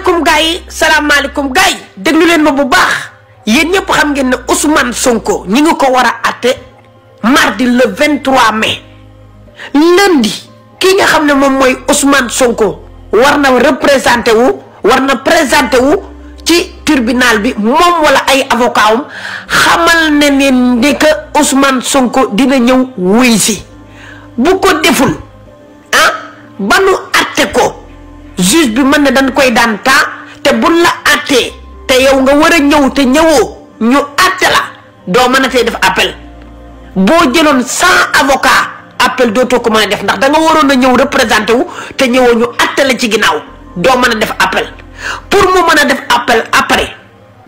salaamaaleykum gars yi salaamaaleykum gars yi déglu leen ma bu baax yéen ñëpp xam ngeen ne Ousmane Sonko ñi ko war a àtte mardi le 23 mai lundi kii nga xam ne moom mooy Ousmane Sonko war na représenté wu war na présenté wu ci tirbinal bi moom wala ay avocat am xamal ne leen ne que Ousmane Sonko dina ñëw wuy si bu ko deful ah banu juge bi mën na dañ koy daan temps te buñ la àttee te yow nga war a ñëw te ñëwoo ñu àtte la doo mën a tey def appel boo jëloon sans avocat appel dootoo ko mën a def ndax danga waroon a ñëw représenté wu te ñëwoo ñu àtte la ci ginnaaw doo mën a def appel pour mu mën a def appel après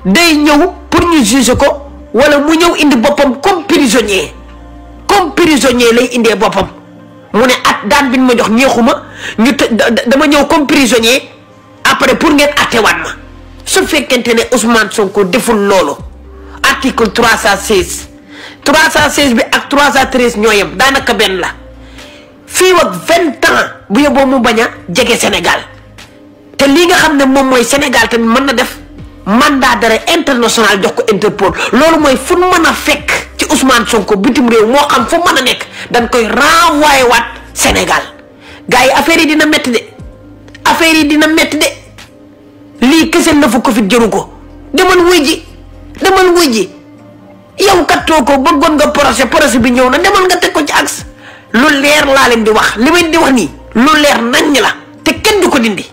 day ñëw pour ñu juger ko wala mu ñëw indi boppam comme prisonnier comme prisonnier lay indee boppam. mu ne at daan bin ma jox ñeexuma ñu dama ñëw comme prisonnier après pour ngeen attewaat ma su fekkente ne Ousmane Sonko deful loolu article 316 316 bi ak 313 ñoo yem daanaka benn la fii ak vingt ans bu yóbboo mu bañ a jege Sénégal te lii nga xam ne moom mooy Sénégal tamit mën na def mandat d'arrêt international jox ko Interpol loolu mooy fu mën a fekk Ousmane Sonko bitim réew moo xam fu mën a nekk dañ koy renvoyé waat Sénégal gars yi affaire yi dina metti de affaire yi dina metti de lii kese na fu ko fit jëru ko demal wuy ji demal wuy ji yow kattoo ko bëggoon nga projet projet bi ñëw na demal nga teg ko ci axe lu leer laa leen di wax li may di wax nii lu leer nañ la te kenn du ko dindi